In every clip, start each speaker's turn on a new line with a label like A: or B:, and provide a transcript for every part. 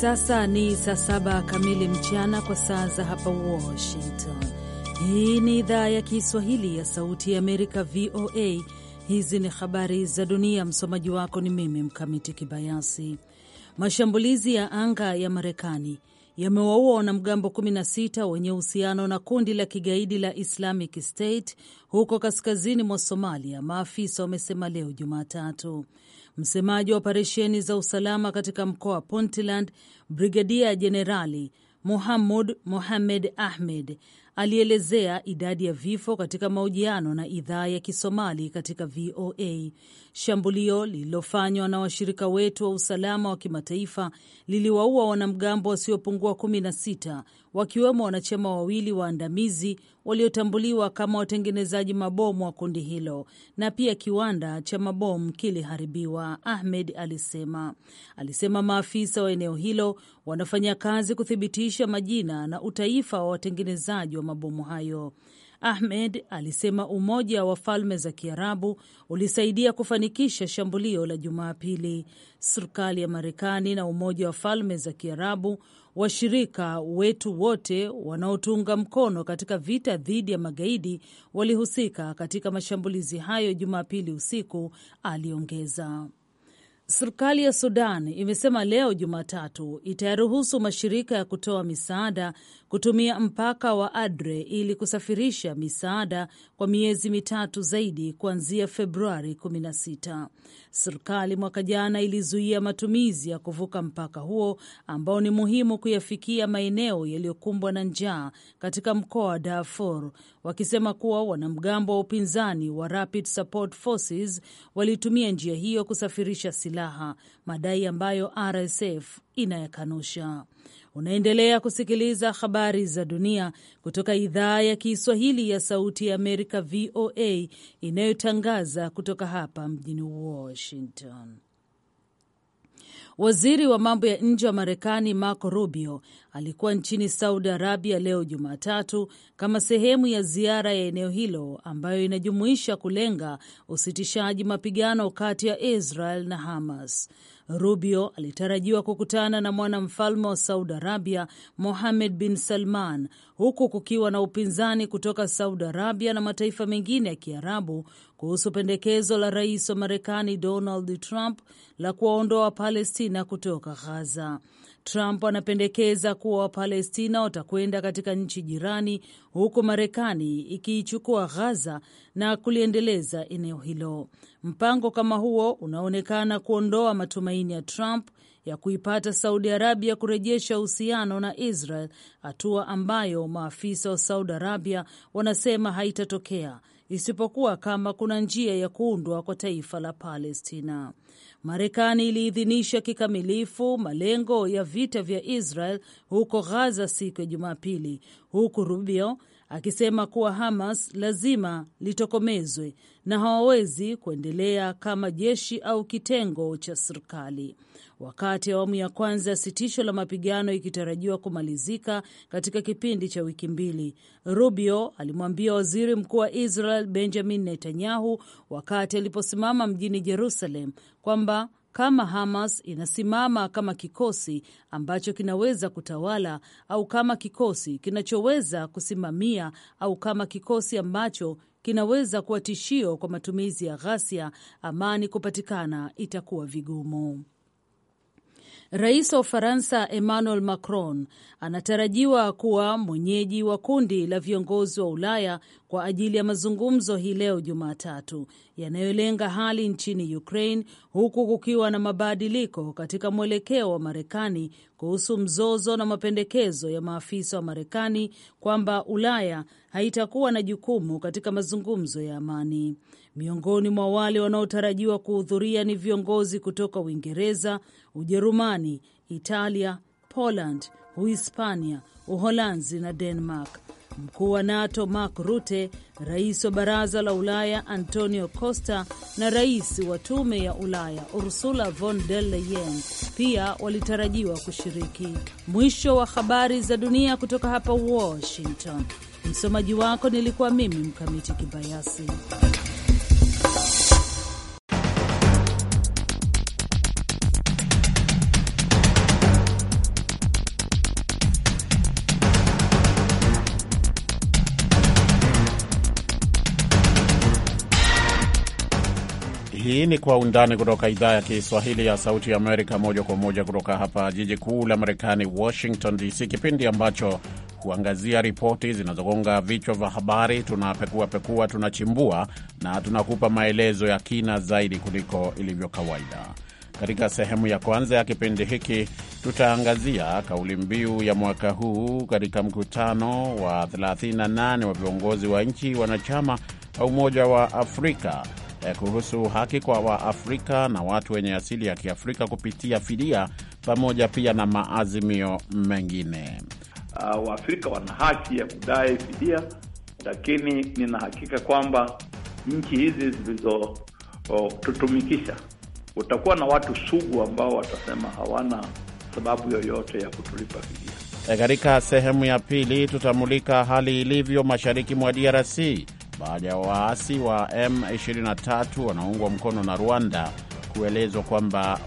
A: sasa ni saa saba kamili mchana kwa saa za hapa Washington. Hii ni idhaa ya Kiswahili ya Sauti ya Amerika, VOA. Hizi ni habari za dunia. Msomaji wako ni mimi Mkamiti Kibayasi. Mashambulizi ya anga ya Marekani yamewaua wanamgambo 16 wenye uhusiano na kundi la kigaidi la Islamic State huko kaskazini mwa Somalia, maafisa wamesema leo Jumatatu. Msemaji wa operesheni za usalama katika mkoa wa Puntland, Brigadia Jenerali Muhammud Mohamed Ahmed alielezea idadi ya vifo katika mahojiano na idhaa ya Kisomali katika VOA. Shambulio lililofanywa na washirika wetu wa usalama wa kimataifa liliwaua wanamgambo wasiopungua 16 wakiwemo wanachama wawili waandamizi waliotambuliwa kama watengenezaji mabomu wa kundi hilo na pia kiwanda cha mabomu kiliharibiwa, Ahmed alisema. Alisema maafisa wa eneo hilo wanafanya kazi kuthibitisha majina na utaifa wa watengenezaji wa mabomu hayo. Ahmed alisema Umoja wa Falme za Kiarabu ulisaidia kufanikisha shambulio la Jumapili. Serikali ya Marekani na Umoja wa Falme za Kiarabu, washirika wetu wote wanaotunga mkono katika vita dhidi ya magaidi, walihusika katika mashambulizi hayo Jumapili usiku, aliongeza. Serikali ya Sudan imesema leo Jumatatu itayaruhusu mashirika ya kutoa misaada kutumia mpaka wa Adre ili kusafirisha misaada kwa miezi mitatu zaidi kuanzia Februari 16. Serikali mwaka jana ilizuia matumizi ya kuvuka mpaka huo ambao ni muhimu kuyafikia maeneo yaliyokumbwa na njaa katika mkoa wa Darfur, wakisema kuwa wanamgambo wa upinzani wa Rapid Support Forces walitumia njia hiyo kusafirisha silaha, madai ambayo RSF inayakanusha. Unaendelea kusikiliza habari za dunia kutoka idhaa ya Kiswahili ya Sauti ya Amerika, VOA, inayotangaza kutoka hapa mjini Washington. Waziri wa mambo ya nje wa Marekani Marco Rubio alikuwa nchini Saudi Arabia leo Jumatatu kama sehemu ya ziara ya eneo hilo ambayo inajumuisha kulenga usitishaji mapigano kati ya Israel na Hamas. Rubio alitarajiwa kukutana na mwanamfalme wa Saudi Arabia Mohammed bin Salman huku kukiwa na upinzani kutoka Saudi Arabia na mataifa mengine ya Kiarabu kuhusu pendekezo la rais wa Marekani Donald Trump la kuwaondoa wapalestina kutoka ghaza Trump anapendekeza kuwa Wapalestina watakwenda katika nchi jirani, huku Marekani ikiichukua ghaza na kuliendeleza eneo hilo. Mpango kama huo unaonekana kuondoa matumaini ya Trump ya kuipata Saudi Arabia kurejesha uhusiano na Israel, hatua ambayo maafisa wa Saudi Arabia wanasema haitatokea isipokuwa kama kuna njia ya kuundwa kwa taifa la Palestina. Marekani iliidhinisha kikamilifu malengo ya vita vya Israel huko Gaza siku ya Jumapili, huku Rubio akisema kuwa Hamas lazima litokomezwe na hawawezi kuendelea kama jeshi au kitengo cha serikali wakati awamu ya kwanza ya sitisho la mapigano ikitarajiwa kumalizika katika kipindi cha wiki mbili. Rubio alimwambia waziri mkuu wa Israel Benjamin Netanyahu wakati aliposimama mjini Jerusalem kwamba kama Hamas inasimama kama kikosi ambacho kinaweza kutawala au kama kikosi kinachoweza kusimamia au kama kikosi ambacho kinaweza kuwa tishio kwa matumizi ya ghasia, amani kupatikana itakuwa vigumu. Rais wa Ufaransa Emmanuel Macron anatarajiwa kuwa mwenyeji wa kundi la viongozi wa Ulaya kwa ajili ya mazungumzo hii leo Jumatatu yanayolenga hali nchini Ukraine, huku kukiwa na mabadiliko katika mwelekeo wa Marekani kuhusu mzozo na mapendekezo ya maafisa wa Marekani kwamba Ulaya haitakuwa na jukumu katika mazungumzo ya amani. Miongoni mwa wale wanaotarajiwa kuhudhuria ni viongozi kutoka Uingereza, Ujerumani, Italia, Poland, Uhispania, Uholanzi na Denmark. Mkuu wa NATO Mark Rutte, rais wa baraza la Ulaya Antonio Costa na rais wa tume ya Ulaya Ursula von der Leyen pia walitarajiwa kushiriki. Mwisho wa habari za dunia kutoka hapa Washington. Msomaji wako nilikuwa mimi Mkamiti Kibayasi.
B: Hii ni Kwa Undani kutoka idhaa ya Kiswahili ya Sauti ya Amerika, moja kwa moja kutoka hapa jiji kuu la Marekani, Washington DC, kipindi ambacho huangazia ripoti zinazogonga vichwa vya habari. Tunapekua pekua, tunachimbua na tunakupa maelezo ya kina zaidi kuliko ilivyo kawaida. Katika sehemu ya kwanza ya kipindi hiki tutaangazia kauli mbiu ya mwaka huu katika mkutano wa 38 wa viongozi wa nchi wanachama wa Umoja wa Afrika Eh, kuhusu haki kwa Waafrika na watu wenye asili ya Kiafrika kupitia fidia pamoja pia na maazimio mengine.
C: Uh, Waafrika wana haki ya kudai fidia, lakini nina hakika kwamba nchi hizi zilizotutumikisha utakuwa na watu sugu ambao watasema hawana sababu yoyote ya kutulipa fidia.
B: Eh, katika sehemu ya pili tutamulika hali ilivyo mashariki mwa DRC baada ya waasi wa M23 wanaoungwa mkono na Rwanda kuelezwa kwamba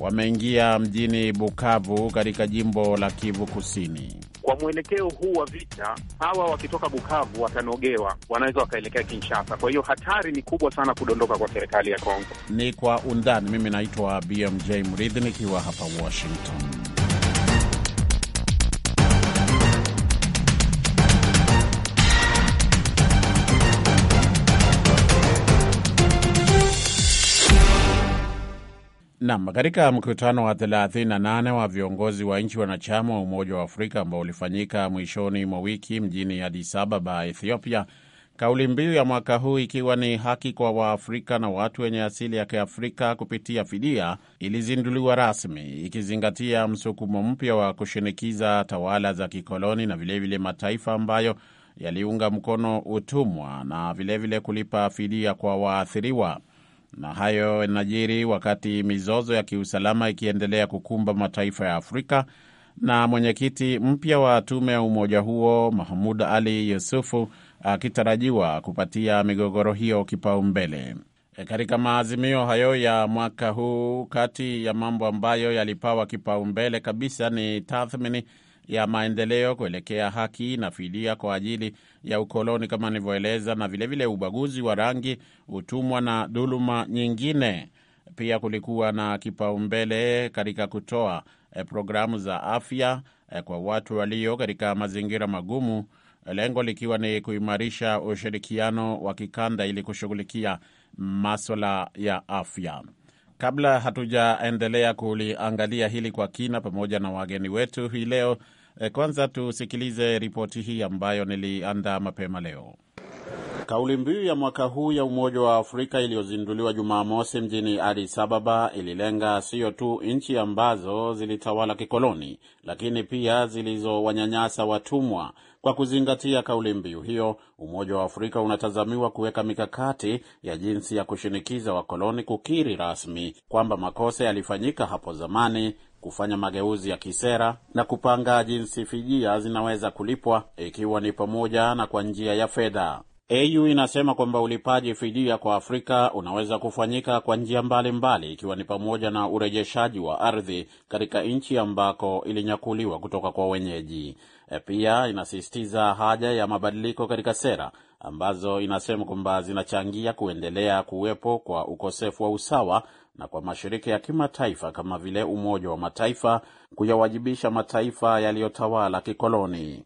B: wameingia mjini Bukavu katika jimbo la Kivu Kusini.
D: Kwa mwelekeo huu wa vita, hawa wakitoka Bukavu watanogewa, wanaweza wakaelekea Kinshasa. Kwa hiyo hatari ni kubwa sana kudondoka kwa serikali ya Kongo.
B: Ni kwa undani. Mimi naitwa BMJ Mridhi nikiwa hapa Washington. Nam, katika mkutano wa 38 wa viongozi wa nchi wanachama wa Umoja wa Afrika ambao ulifanyika mwishoni mwa wiki mjini adisababa Ababa, Ethiopia, kauli mbiu ya mwaka huu ikiwa ni haki kwa Waafrika na watu wenye asili ya Kiafrika kupitia fidia ilizinduliwa rasmi, ikizingatia msukumo mpya wa kushinikiza tawala za kikoloni na vilevile vile mataifa ambayo yaliunga mkono utumwa na vilevile vile kulipa fidia kwa waathiriwa. Na hayo yanajiri wakati mizozo ya kiusalama ikiendelea kukumba mataifa ya Afrika, na mwenyekiti mpya wa tume ya umoja huo Mahmud Ali Yusufu akitarajiwa kupatia migogoro hiyo kipaumbele. E, katika maazimio hayo ya mwaka huu, kati ya mambo ambayo yalipawa kipaumbele kabisa ni tathmini ya maendeleo kuelekea haki na fidia kwa ajili ya ukoloni kama nilivyoeleza, na vilevile vile ubaguzi wa rangi, utumwa na dhuluma nyingine. Pia kulikuwa na kipaumbele katika kutoa eh, programu za afya eh, kwa watu walio katika mazingira magumu, lengo likiwa ni kuimarisha ushirikiano wa kikanda ili kushughulikia maswala ya afya. Kabla hatujaendelea kuliangalia hili kwa kina pamoja na wageni wetu hii leo, eh, kwanza tusikilize ripoti hii ambayo niliandaa mapema leo. Kauli mbiu ya mwaka huu ya Umoja wa Afrika iliyozinduliwa Jumamosi mjini Addis Ababa ililenga siyo tu nchi ambazo zilitawala kikoloni, lakini pia zilizowanyanyasa watumwa kwa kuzingatia kauli mbiu hiyo, Umoja wa Afrika unatazamiwa kuweka mikakati ya jinsi ya kushinikiza wakoloni kukiri rasmi kwamba makosa yalifanyika hapo zamani, kufanya mageuzi ya kisera na kupanga jinsi fidia zinaweza kulipwa, ikiwa ni pamoja na kwa njia ya fedha. AU inasema kwamba ulipaji fidia kwa Afrika unaweza kufanyika kwa njia mbalimbali ikiwa ni pamoja na urejeshaji wa ardhi katika nchi ambako ilinyakuliwa kutoka kwa wenyeji. E, pia inasisitiza haja ya mabadiliko katika sera ambazo inasema kwamba zinachangia kuendelea kuwepo kwa ukosefu wa usawa na kwa mashirika ya kimataifa kama vile Umoja wa Mataifa kuyawajibisha mataifa yaliyotawala kikoloni.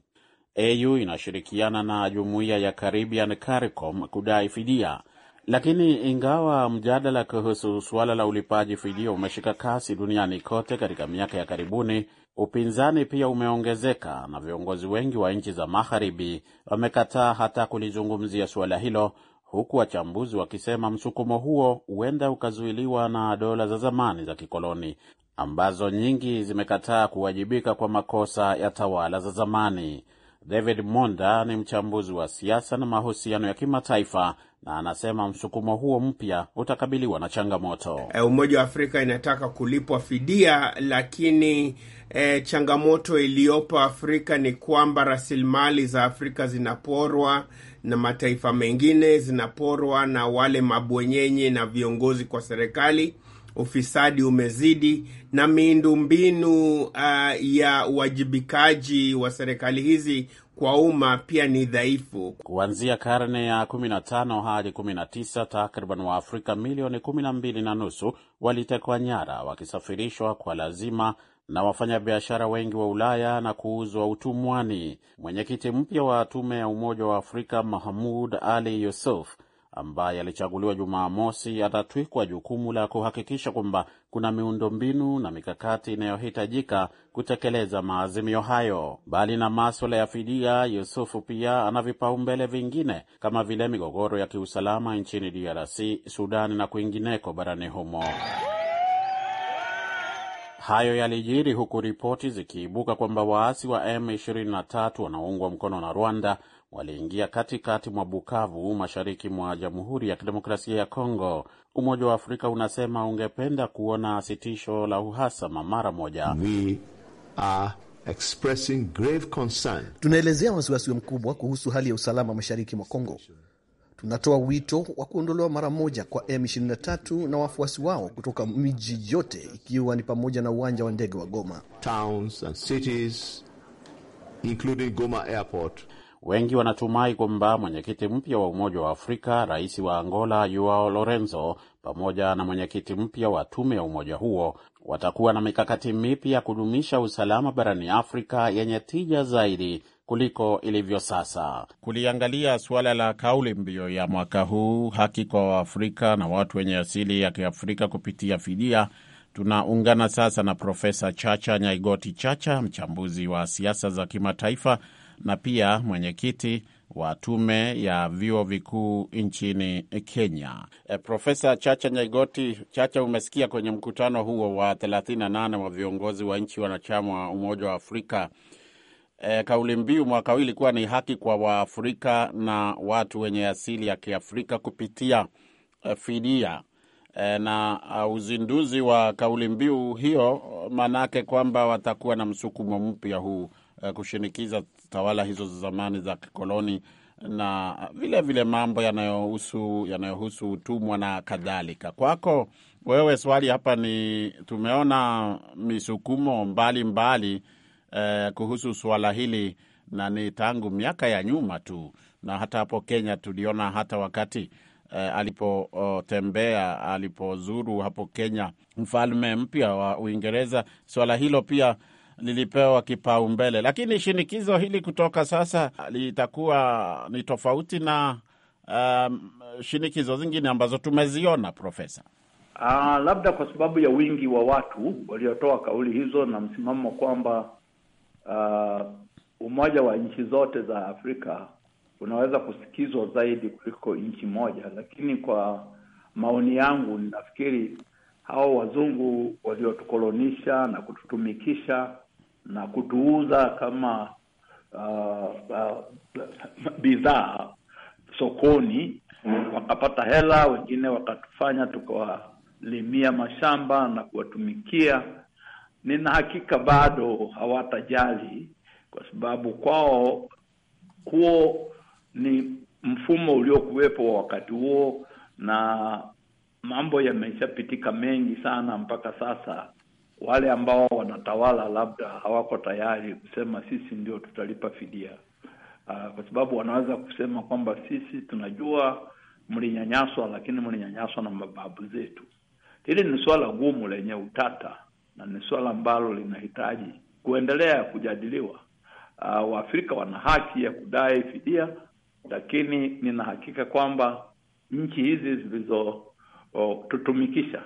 B: AU inashirikiana na jumuiya ya Caribbean CARICOM kudai fidia. Lakini ingawa mjadala kuhusu suala la ulipaji fidia umeshika kasi duniani kote katika miaka ya karibuni, Upinzani pia umeongezeka na viongozi wengi wa nchi za magharibi wamekataa hata kulizungumzia suala hilo, huku wachambuzi wakisema msukumo huo huenda ukazuiliwa na dola za zamani za kikoloni ambazo nyingi zimekataa kuwajibika kwa makosa ya tawala za zamani. David Monda ni mchambuzi wa siasa na mahusiano ya kimataifa na anasema msukumo huo mpya utakabiliwa na changamoto.
E: Eh, Umoja wa Afrika inataka kulipwa
B: fidia, lakini e, changamoto iliyopo Afrika ni kwamba rasilimali za Afrika zinaporwa na mataifa mengine, zinaporwa na wale mabwenyenye na viongozi kwa serikali. Ufisadi umezidi na miundombinu uh, ya uwajibikaji wa serikali hizi kwa umma pia ni dhaifu. Kuanzia karne ya 15 hadi 19, takriban Waafrika milioni 12 na nusu walitekwa nyara wakisafirishwa kwa lazima na wafanyabiashara wengi wa Ulaya na kuuzwa utumwani. Mwenyekiti mpya wa tume ya Umoja wa Afrika Mahamud Ali Yusuf ambaye alichaguliwa Jumamosi atatwikwa jukumu la kuhakikisha kwamba kuna miundombinu na mikakati inayohitajika kutekeleza maazimio hayo. Mbali na maswala ya fidia, Yusufu pia ana vipaumbele vingine kama vile migogoro ya kiusalama nchini DRC, Sudani na kwingineko barani humo. Hayo yalijiri huku ripoti zikiibuka kwamba waasi wa M23 wanaoungwa mkono na Rwanda waliingia katikati mwa Bukavu, mashariki mwa Jamhuri ya Kidemokrasia ya Kongo. Umoja wa Afrika unasema ungependa kuona sitisho la uhasama mara moja. We are expressing grave concern.
C: Tunaelezea wasiwasi mkubwa kuhusu hali ya usalama mashariki mwa Kongo. Tunatoa wito wa kuondolewa mara moja kwa M23 na wafuasi wao kutoka miji yote ikiwa ni pamoja na uwanja wa ndege wa Goma. Towns and cities, including
B: Goma airport. Wengi wanatumai kwamba mwenyekiti mpya wa Umoja wa Afrika, rais wa Angola Joao Lorenzo, pamoja na mwenyekiti mpya wa tume ya umoja huo watakuwa na mikakati mipya ya kudumisha usalama barani Afrika yenye tija zaidi kuliko ilivyo sasa. Kuliangalia suala la kauli mbiu ya mwaka huu, haki kwa Waafrika na watu wenye asili ya Kiafrika kupitia fidia, tunaungana sasa na Profesa Chacha Nyaigoti Chacha, mchambuzi wa siasa za kimataifa na pia mwenyekiti wa tume ya vyuo vikuu nchini Kenya. E, Profesa Chacha Nyaigoti Chacha, umesikia kwenye mkutano huo wa 38 wa viongozi wa nchi wanachama wa Umoja wa Afrika E, kauli mbiu mwaka huu ilikuwa ni haki kwa Waafrika na watu wenye asili ya Kiafrika kupitia e, fidia e, na uh, uzinduzi wa kauli mbiu hiyo maanake kwamba watakuwa na msukumo mpya huu e, kushinikiza tawala hizo za zamani za kikoloni na vile vile mambo yanayohusu yanayohusu utumwa na kadhalika. Kwako wewe, swali hapa ni tumeona misukumo mbalimbali mbali, eh, kuhusu suala hili na ni tangu miaka ya nyuma tu, na hata hapo Kenya tuliona hata wakati eh, alipotembea alipozuru hapo Kenya mfalme mpya wa Uingereza, suala hilo pia lilipewa kipaumbele, lakini shinikizo hili kutoka sasa litakuwa ni tofauti na um, shinikizo zingine ambazo tumeziona Profesa.
C: Uh, labda kwa sababu ya wingi wa watu waliotoa kauli hizo na msimamo kwamba uh, umoja wa nchi zote za Afrika unaweza kusikizwa zaidi kuliko nchi moja, lakini kwa maoni yangu ninafikiri hao wazungu waliotukolonisha na kututumikisha na kutuuza kama uh, uh, bidhaa sokoni, wakapata hela, wengine wakatufanya tukawalimia mashamba na kuwatumikia nina hakika bado hawatajali, kwa sababu kwao huo ni mfumo uliokuwepo wakati huo, na mambo yameshapitika mengi sana mpaka sasa. Wale ambao wanatawala labda hawako tayari kusema sisi ndio tutalipa fidia. Uh, kwa sababu wanaweza kusema kwamba sisi tunajua mlinyanyaswa, lakini mlinyanyaswa na mababu zetu. Hili ni suala gumu lenye utata na ni suala ambalo linahitaji kuendelea kujadiliwa. Uh, Waafrika wana haki ya kudai fidia, lakini nina hakika kwamba nchi hizi zilizotutumikisha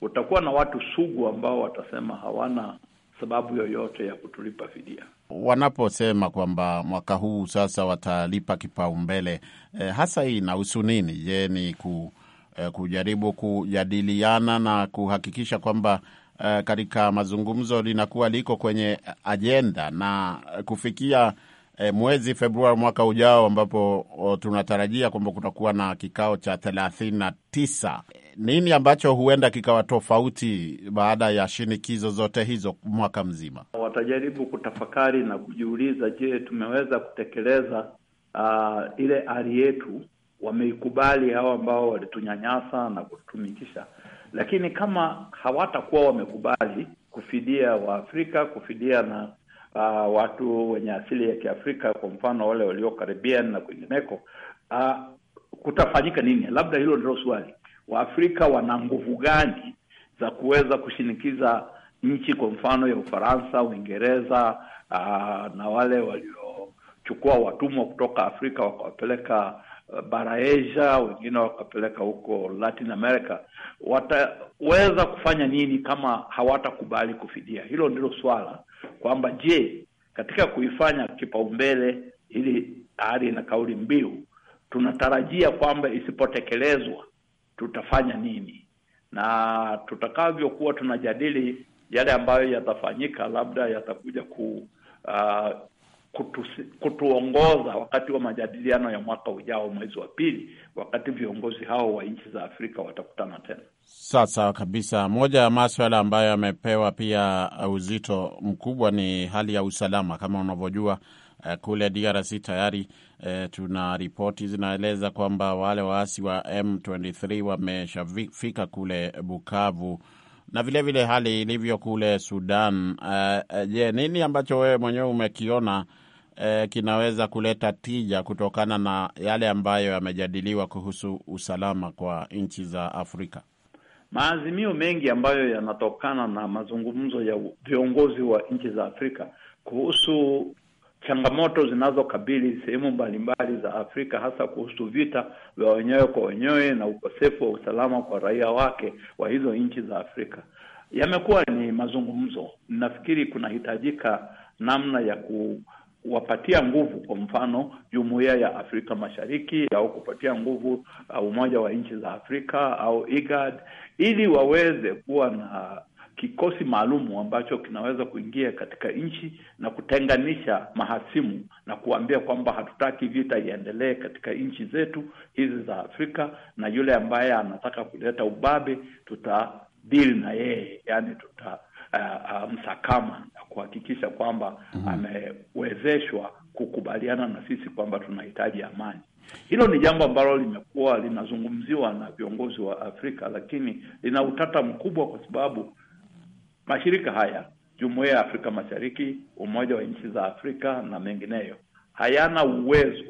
C: utakuwa na watu sugu ambao watasema hawana sababu yoyote ya kutulipa fidia.
B: Wanaposema kwamba mwaka huu sasa watalipa kipaumbele, e, hasa hii inahusu nini? Je, ni ku, e, kujaribu kujadiliana na kuhakikisha kwamba uh, katika mazungumzo linakuwa liko kwenye ajenda na kufikia E, mwezi Februari mwaka ujao ambapo o, oh, tunatarajia kwamba kutakuwa na kikao cha thelathini na tisa. Nini ambacho huenda kikawa tofauti baada ya shinikizo zote hizo mwaka mzima?
C: Watajaribu kutafakari na kujiuliza, je, tumeweza kutekeleza uh, ile ari yetu? Wameikubali hao ambao walitunyanyasa na kututumikisha? lakini kama hawatakuwa wamekubali kufidia Waafrika, kufidia na uh, watu wenye asili ya Kiafrika, kwa mfano wale walio Caribbean na kwingineko, uh, kutafanyika nini? Labda hilo ndilo swali. Waafrika wana nguvu gani za kuweza kushinikiza nchi kwa mfano ya Ufaransa, Uingereza, uh, na wale waliochukua watumwa kutoka Afrika wakawapeleka Eh, bara Asia, wengine wakapeleka huko Latin America, wataweza kufanya nini kama hawatakubali kufidia? Hilo ndilo swala kwamba, je, katika kuifanya kipaumbele ili ari na kauli mbiu, tunatarajia kwamba isipotekelezwa tutafanya nini, na tutakavyokuwa tunajadili yale ambayo yatafanyika, labda yatakuja ku uh, kutuongoza wakati wa majadiliano ya mwaka ujao mwezi wa pili, wakati viongozi hao wa nchi za Afrika watakutana tena.
B: Sasa kabisa, moja ya maswala ambayo yamepewa pia uzito mkubwa ni hali ya usalama. Kama unavyojua eh, kule DRC tayari uh, tuna ripoti zinaeleza kwamba wale waasi wa M23 wameshafika kule Bukavu na vilevile vile hali ilivyo kule Sudan. Uh, je, nini ambacho wewe mwenyewe umekiona eh, kinaweza kuleta tija kutokana na yale ambayo yamejadiliwa kuhusu usalama kwa nchi za Afrika?
C: Maazimio mengi ambayo yanatokana na mazungumzo ya viongozi wa nchi za Afrika kuhusu changamoto zinazokabili sehemu mbalimbali za Afrika hasa kuhusu vita vya wenyewe kwa wenyewe na ukosefu wa usalama kwa raia wake wa hizo nchi za Afrika yamekuwa ni mazungumzo. Nafikiri kunahitajika namna ya ku kuwapatia nguvu, kwa mfano jumuiya ya Afrika Mashariki au kupatia nguvu uh, Umoja wa Nchi za Afrika au IGAD, ili waweze kuwa na kikosi maalumu ambacho kinaweza kuingia katika nchi na kutenganisha mahasimu na kuambia kwamba hatutaki vita iendelee katika nchi zetu hizi za Afrika, na yule ambaye anataka kuleta ubabe tutadili na yeye, yani tuta uh, uh, msakama kuhakikisha kwamba mm -hmm. amewezeshwa kukubaliana na sisi kwamba tunahitaji amani. Hilo ni jambo ambalo limekuwa linazungumziwa na viongozi wa Afrika, lakini lina utata mkubwa kwa sababu mashirika haya, Jumuiya ya Afrika Mashariki, Umoja wa Nchi za Afrika na mengineyo, hayana uwezo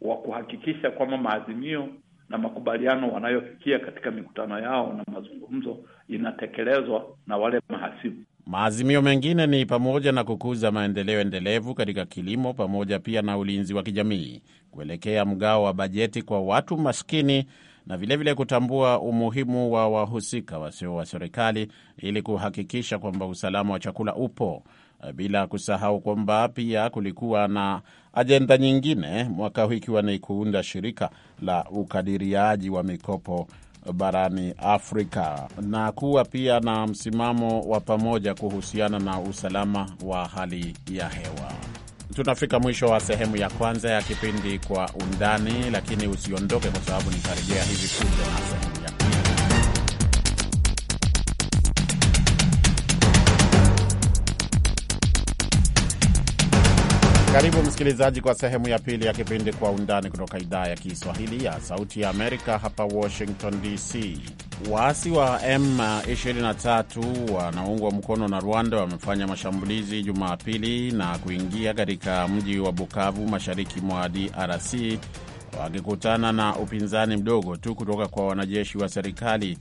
C: wa kuhakikisha kwamba maazimio na makubaliano wanayofikia katika mikutano yao na mazungumzo inatekelezwa na wale mahasimu.
B: Maazimio mengine ni pamoja na kukuza maendeleo endelevu katika kilimo pamoja pia na ulinzi wa kijamii, kuelekea mgao wa bajeti kwa watu maskini na vilevile vile kutambua umuhimu wa wahusika wasio wa serikali ili kuhakikisha kwamba usalama wa chakula upo. Eh, bila kusahau kwamba pia kulikuwa na ajenda nyingine mwaka huu ikiwa ni kuunda shirika la ukadiriaji wa mikopo barani Afrika na kuwa pia na msimamo wa pamoja kuhusiana na usalama wa hali ya hewa. Tunafika mwisho wa sehemu ya kwanza ya kipindi Kwa Undani, lakini usiondoke kwa sababu nitarejea hivi punde. Karibu msikilizaji kwa sehemu ya pili ya kipindi Kwa Undani kutoka idhaa ya Kiswahili ya Sauti ya Amerika, hapa Washington DC. Waasi wa M23 wanaungwa mkono na Rwanda wamefanya mashambulizi Jumapili na kuingia katika mji wa Bukavu, mashariki mwa DRC, wakikutana na upinzani mdogo tu kutoka kwa wanajeshi wa serikali,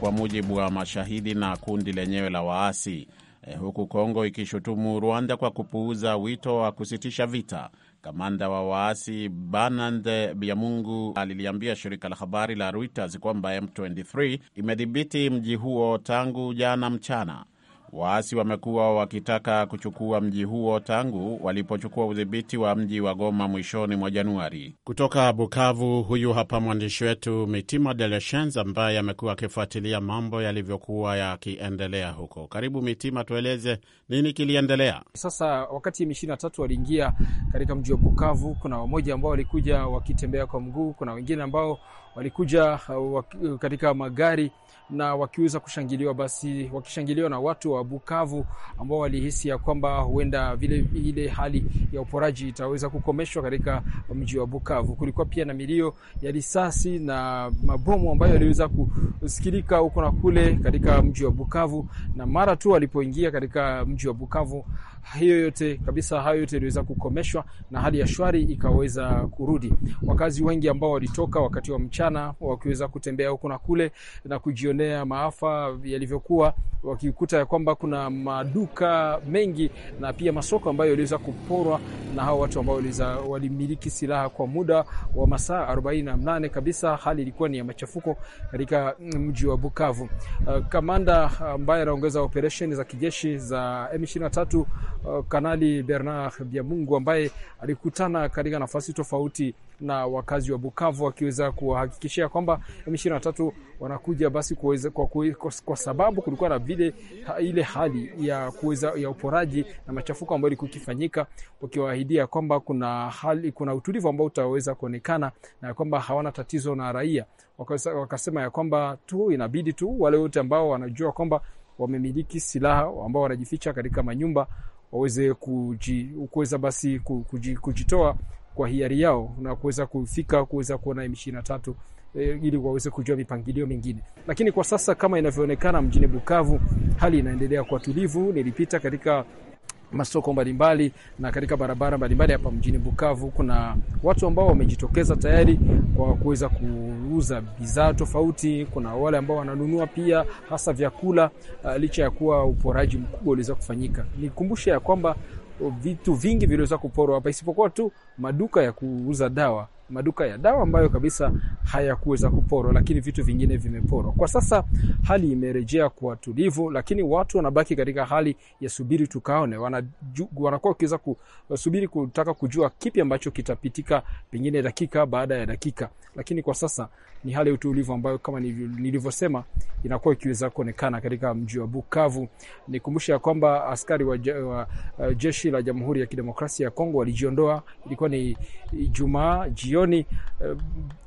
B: kwa mujibu wa mashahidi na kundi lenyewe la waasi. Eh, huku Kongo ikishutumu Rwanda kwa kupuuza wito wa kusitisha vita. Kamanda wa waasi Bernard Biamungu aliliambia shirika la habari la Reuters kwamba M23 imedhibiti mji huo tangu jana mchana. Waasi wamekuwa wakitaka kuchukua mji huo tangu walipochukua udhibiti wa mji wa Goma mwishoni mwa Januari. Kutoka Bukavu, huyu hapa mwandishi wetu Mitima De Lechens ambaye amekuwa akifuatilia mambo yalivyokuwa yakiendelea huko. Karibu Mitima, tueleze nini kiliendelea.
E: Sasa wakati M23 waliingia katika mji wa Bukavu, kuna wamoja ambao walikuja wakitembea kwa mguu, kuna wengine ambao walikuja uh, katika magari na wakiweza kushangiliwa, basi wakishangiliwa na watu wa Bukavu ambao walihisi ya kwamba huenda vile ile hali ya uporaji itaweza kukomeshwa katika mji wa Bukavu. Kulikuwa pia na milio ya risasi na mabomu ambayo yaliweza kusikilika huko na kule katika mji wa Bukavu, na mara tu walipoingia katika mji wa Bukavu hiyo yote kabisa, hayo yote iliweza kukomeshwa na hali ya shwari ikaweza kurudi. Wakazi wengi ambao walitoka wakati wa mchana wakiweza kutembea huku na kule na kujionea maafa yalivyokuwa, wakikuta ya kwamba kuna maduka mengi na pia masoko ambayo yaliweza kuporwa na hao watu ambao walimiliki silaha kwa muda wa masaa 48 kabisa. Hali ilikuwa ni ya machafuko katika mji wa Bukavu. Uh, kamanda ambaye anaongoza operesheni za kijeshi za M23 Eh, Kanali Bernard Byamungu ambaye alikutana katika nafasi tofauti na wakazi wa Bukavu akiweza kuwahakikishia kwamba M23 wanakuja basi kuweza, kwa, kwa, kwa sababu kulikuwa na vile ile hali ya kuweza ya uporaji na machafuko ambayo ilikuwa ikifanyika, wakiwaahidia kwamba kuna hali, kuna utulivu ambao utaweza kuonekana na kwamba hawana tatizo na raia. Wakasema ya kwamba tu inabidi tu wale wote ambao wanajua kwamba wamemiliki silaha ambao wanajificha katika manyumba waweze kuji, kuweza basi kuji, kujitoa kwa hiari yao na kuweza kufika kuweza kuona M23 e, ili waweze kujua mipangilio mingine. Lakini kwa sasa kama inavyoonekana mjini Bukavu hali inaendelea kwa tulivu. Nilipita katika masoko mbalimbali na katika barabara mbalimbali hapa mjini Bukavu. Kuna watu ambao wamejitokeza tayari kwa kuweza kuuza bidhaa tofauti. Kuna wale ambao wananunua pia, hasa vyakula, uh, licha ya kuwa uporaji mkubwa uliweza kufanyika. Nikumbushe ya kwamba vitu vingi viliweza kuporwa hapa isipokuwa tu maduka ya kuuza dawa maduka ya dawa ambayo kabisa hayakuweza kuporwa, lakini vitu vingine vimeporwa. Kwa sasa hali imerejea kwa tulivu, lakini watu wanabaki katika hali ya subiri tukaone, wanakuwa wakiweza kusubiri kutaka kujua kipi ambacho kitapitika pengine dakika baada ya dakika, lakini kwa sasa ni hali ya utulivu ambayo kama nilivyosema inakuwa ikiweza kuonekana katika mji wa Bukavu. Nikumbusha ya kwamba askari wa, wa uh, jeshi la Jamhuri ya Kidemokrasia ya Kongo walijiondoa, ilikuwa ni Ijumaa jioni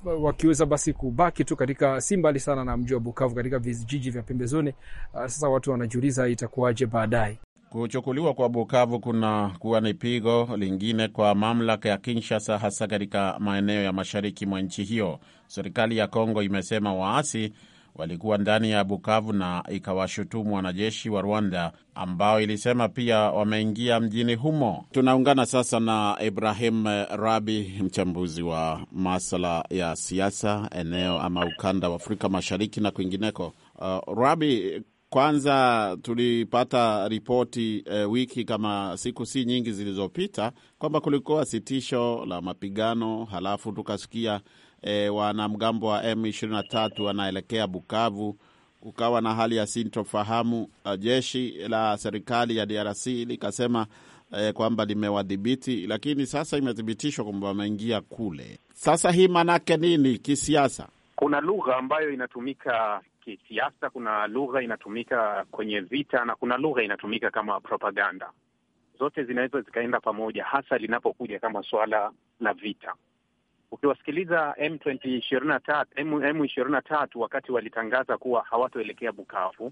E: uh, wakiweza basi kubaki tu katika si mbali sana na mji wa Bukavu katika vijiji vya pembezoni. Uh, sasa watu wanajiuliza itakuwaje baadaye.
B: Kuchukuliwa kwa Bukavu kuna kuwa ni pigo lingine kwa mamlaka ya Kinshasa, hasa katika maeneo ya mashariki mwa nchi hiyo. Serikali ya Kongo imesema waasi walikuwa ndani ya Bukavu na ikawashutumu wanajeshi wa Rwanda ambao ilisema pia wameingia mjini humo. Tunaungana sasa na Ibrahim Rabi, mchambuzi wa masala ya siasa eneo ama ukanda wa Afrika Mashariki na kwingineko. Uh, Rabi, kwanza tulipata ripoti uh, wiki kama siku si nyingi zilizopita kwamba kulikuwa sitisho la mapigano, halafu tukasikia e, wanamgambo wa M23 wanaelekea Bukavu, kukawa na hali ya sintofahamu. Jeshi la serikali ya DRC likasema e, kwamba limewadhibiti, lakini sasa imethibitishwa kwamba wameingia kule. Sasa hii maanake nini kisiasa? Kuna lugha
D: ambayo inatumika kisiasa, kuna lugha inatumika kwenye vita na kuna lugha inatumika kama propaganda. Zote zinaweza zikaenda pamoja, hasa linapokuja kama suala la vita ukiwasikiliza M ishirini na tatu wakati walitangaza kuwa hawatoelekea Bukavu,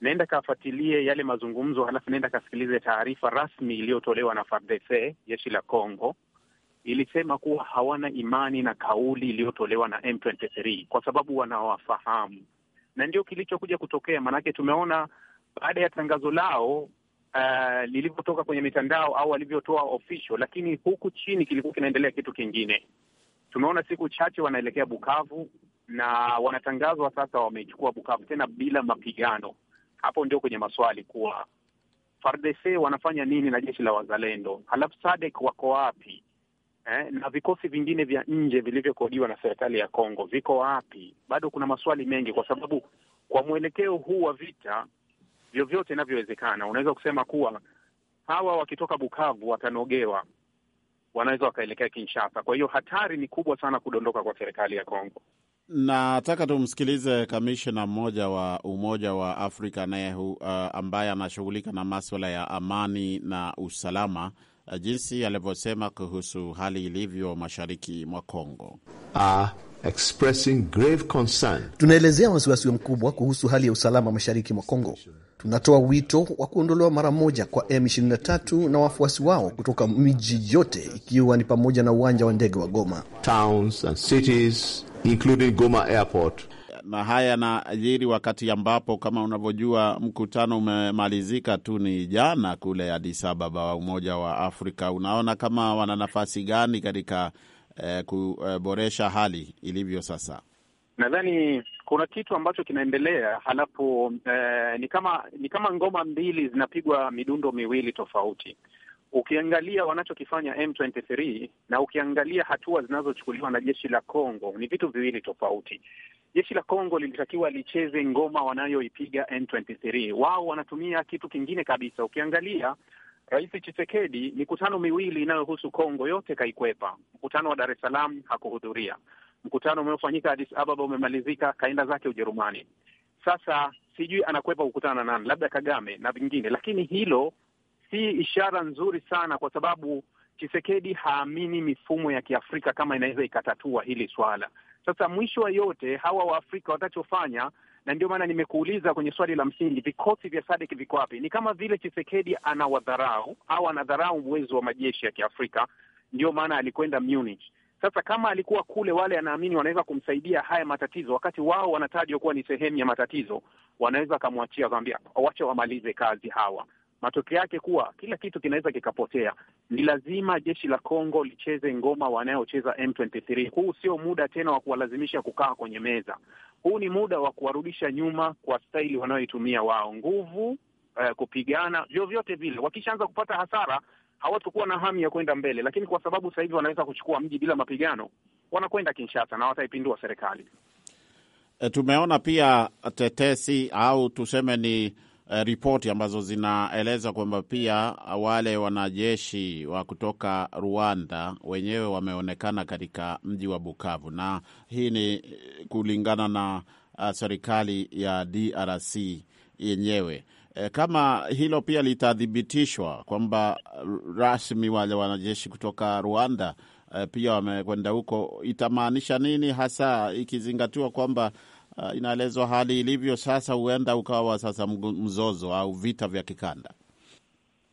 D: naenda kafuatilie yale mazungumzo, halafu naenda kasikilize taarifa rasmi iliyotolewa na FARDC, jeshi la Congo, ilisema kuwa hawana imani na kauli iliyotolewa na M23 kwa sababu wanawafahamu, na ndio kilichokuja kutokea. Maanake tumeona baada ya tangazo lao Uh, lilivyotoka kwenye mitandao au walivyotoa official, lakini huku chini kilikuwa kinaendelea kitu kingine. Tumeona siku chache wanaelekea Bukavu na wanatangazwa sasa wamechukua Bukavu tena bila mapigano. Hapo ndio kwenye maswali kuwa FARDC wanafanya nini na jeshi la wazalendo, halafu SADC wako wapi eh? na vikosi vingine vya nje vilivyokodiwa na serikali ya Kongo viko wapi? Bado kuna maswali mengi, kwa sababu kwa mwelekeo huu wa vita, vyovyote inavyowezekana, unaweza kusema kuwa hawa wakitoka Bukavu watanogewa, wanaweza wakaelekea Kinshasa. Kwa hiyo hatari ni kubwa sana kudondoka kwa serikali ya Kongo.
B: Nataka tumsikilize kamishna mmoja wa Umoja wa Afrika naye uh, ambaye anashughulika na maswala ya amani na usalama uh, jinsi alivyosema kuhusu hali ilivyo mashariki mwa Kongo.
C: Uh, tunaelezea wasiwasi mkubwa kuhusu hali ya usalama mashariki mwa Kongo Tunatoa wito wa kuondolewa mara moja kwa M23 na wafuasi wao kutoka miji yote ikiwa ni pamoja na uwanja wa ndege wa Goma, towns and cities including Goma airport.
B: Na haya yanajiri wakati ambapo kama unavyojua mkutano umemalizika tu ni jana kule Addis Ababa wa Umoja wa Afrika. Unaona kama wana nafasi gani katika eh, kuboresha hali ilivyo sasa?
D: Nadhani kuna kitu ambacho kinaendelea, halafu eh, ni kama ni kama ngoma mbili zinapigwa midundo miwili tofauti. Ukiangalia wanachokifanya M23 na ukiangalia hatua zinazochukuliwa na jeshi la Kongo ni vitu viwili tofauti. Jeshi la Kongo lilitakiwa licheze ngoma wanayoipiga M23, wao wanatumia kitu kingine kabisa. Ukiangalia Rais Tshisekedi, mikutano miwili inayohusu Kongo yote kaikwepa. Mkutano wa Dar es Salaam hakuhudhuria, Mkutano umeofanyika Addis Ababa umemalizika, kaenda zake Ujerumani. Sasa sijui anakwepa kukutana na nani, labda Kagame na vingine, lakini hilo si ishara nzuri sana, kwa sababu Chisekedi haamini mifumo ya Kiafrika kama inaweza ikatatua hili swala. Sasa mwisho wa yote hawa Waafrika watachofanya, na ndio maana nimekuuliza kwenye swali la msingi, vikosi vya Sadek viko wapi? Ni kama vile Chisekedi anawadharau au anadharau uwezo wa majeshi ya Kiafrika. Ndio maana alikwenda Munich sasa kama alikuwa kule, wale anaamini wanaweza kumsaidia haya matatizo, wakati wao wanatajwa kuwa ni sehemu ya matatizo, wanaweza wakamwachia, wakamwambia wacha wamalize kazi hawa. Matokeo yake kuwa kila kitu kinaweza kikapotea. Ni lazima jeshi la Kongo licheze ngoma wanayocheza M23. Huu sio muda tena wa kuwalazimisha kukaa kwenye meza. Huu ni muda wa kuwarudisha nyuma kwa staili wanayoitumia wao, nguvu uh, kupigana vyovyote vile. Wakishaanza kupata hasara, hawatakuwa na hamu ya kwenda mbele, lakini kwa sababu sasa hivi wanaweza kuchukua mji bila mapigano, wanakwenda Kinshasa na wataipindua serikali.
B: E, tumeona pia tetesi au tuseme ni e, ripoti ambazo zinaeleza kwamba pia wale wanajeshi wa kutoka Rwanda wenyewe wameonekana katika mji wa Bukavu, na hii ni eh, kulingana na ah, serikali ya DRC yenyewe. E, kama hilo pia litathibitishwa kwamba rasmi wale wanajeshi kutoka Rwanda e, pia wamekwenda huko, itamaanisha nini hasa, ikizingatiwa kwamba uh, inaelezwa hali ilivyo sasa, huenda ukawa sasa mzozo au vita vya kikanda.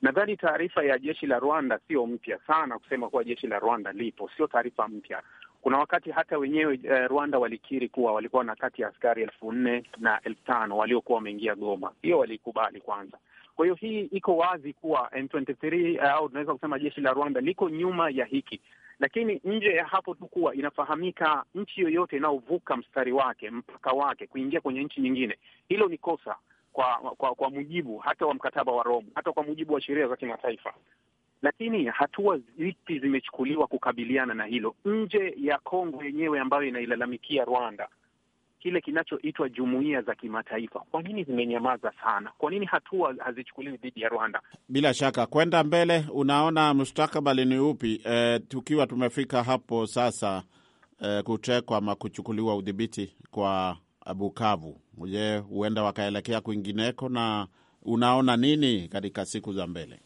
D: Nadhani taarifa ya jeshi la Rwanda sio mpya sana kusema kuwa jeshi la Rwanda lipo, sio taarifa mpya, kuna wakati hata wenyewe uh, Rwanda walikiri kuwa walikuwa na kati ya askari elfu nne na elfu tano waliokuwa wameingia Goma. Hiyo walikubali kwanza. Kwa hiyo hii iko wazi kuwa M23 eh, au tunaweza kusema jeshi la Rwanda liko nyuma ya hiki, lakini nje ya hapo tu kuwa inafahamika, nchi yoyote inayovuka mstari wake mpaka wake kuingia kwenye nchi nyingine, hilo ni kosa kwa kwa kwa mujibu hata wa mkataba wa Roma, hata kwa mujibu wa sheria za kimataifa. Lakini hatua zipi zimechukuliwa kukabiliana na hilo nje ya Kongo yenyewe ambayo inailalamikia Rwanda? Kile kinachoitwa jumuiya za kimataifa, kwa nini zimenyamaza sana? Kwa nini hatua hazichukuliwi dhidi ya Rwanda?
B: Bila shaka kwenda mbele, unaona mustakabali ni upi? E, tukiwa tumefika hapo sasa, e, kutekwa ama kuchukuliwa udhibiti kwa Bukavu, je, huenda wakaelekea kwingineko, na unaona nini katika siku za mbele?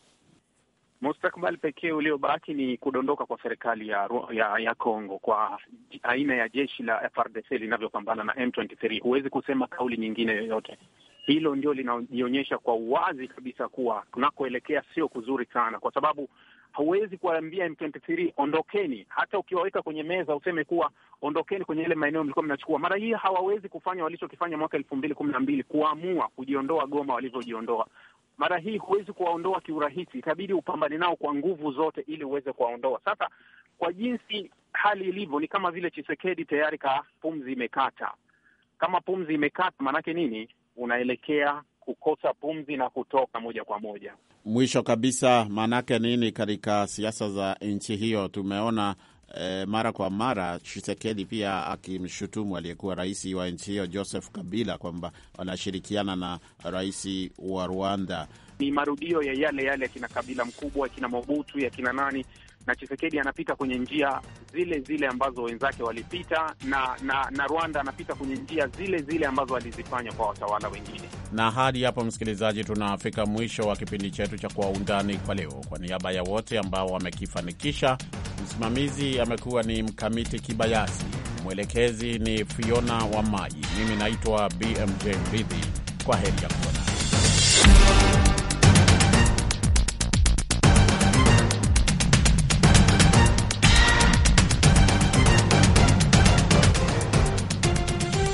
D: Mustakbali pekee uliobaki ni kudondoka kwa serikali ya ya, ya Kongo kwa aina ya jeshi la FRDC linavyopambana na M23. Huwezi kusema kauli nyingine yoyote. Hilo ndio linajionyesha kwa uwazi kabisa kuwa tunakoelekea sio kuzuri sana, kwa sababu huwezi kuwaambia M23 ondokeni. Hata ukiwaweka kwenye meza useme kuwa ondokeni kwenye ile maeneo mlikuwa mnachukua, mara hii hawawezi kufanya walichokifanya mwaka elfu mbili kumi na mbili kuamua kujiondoa Goma walivyojiondoa mara hii huwezi kuwaondoa kiurahisi, itabidi upambane nao kwa nguvu zote ili uweze kuwaondoa. Sasa kwa jinsi hali ilivyo, ni kama vile Chisekedi tayari ka pumzi imekata. Kama pumzi imekata, maanake nini? Unaelekea kukosa pumzi na kutoka moja kwa moja.
B: Mwisho kabisa, maanake nini katika siasa za nchi hiyo? Tumeona e, mara kwa mara Chisekedi pia akimshutumu aliyekuwa rais wa nchi hiyo Joseph Kabila kwamba wanashirikiana na rais wa Rwanda.
D: Ni marudio ya yale yale ya kina Kabila mkubwa, ya kina Mobutu, ya kina nani na Chisekedi anapita kwenye njia zile zile ambazo wenzake walipita na, na, na Rwanda anapita kwenye njia zile zile ambazo alizifanya kwa watawala wengine.
B: Na hadi hapo, msikilizaji, tunafika mwisho wa kipindi chetu cha Kwa Undani kwa leo. Kwa niaba ya wote ambao wamekifanikisha, msimamizi amekuwa ni Mkamiti Kibayasi, mwelekezi ni Fiona wa Maji, mimi naitwa BMJ Mridhi. Kwa heri ya kuona.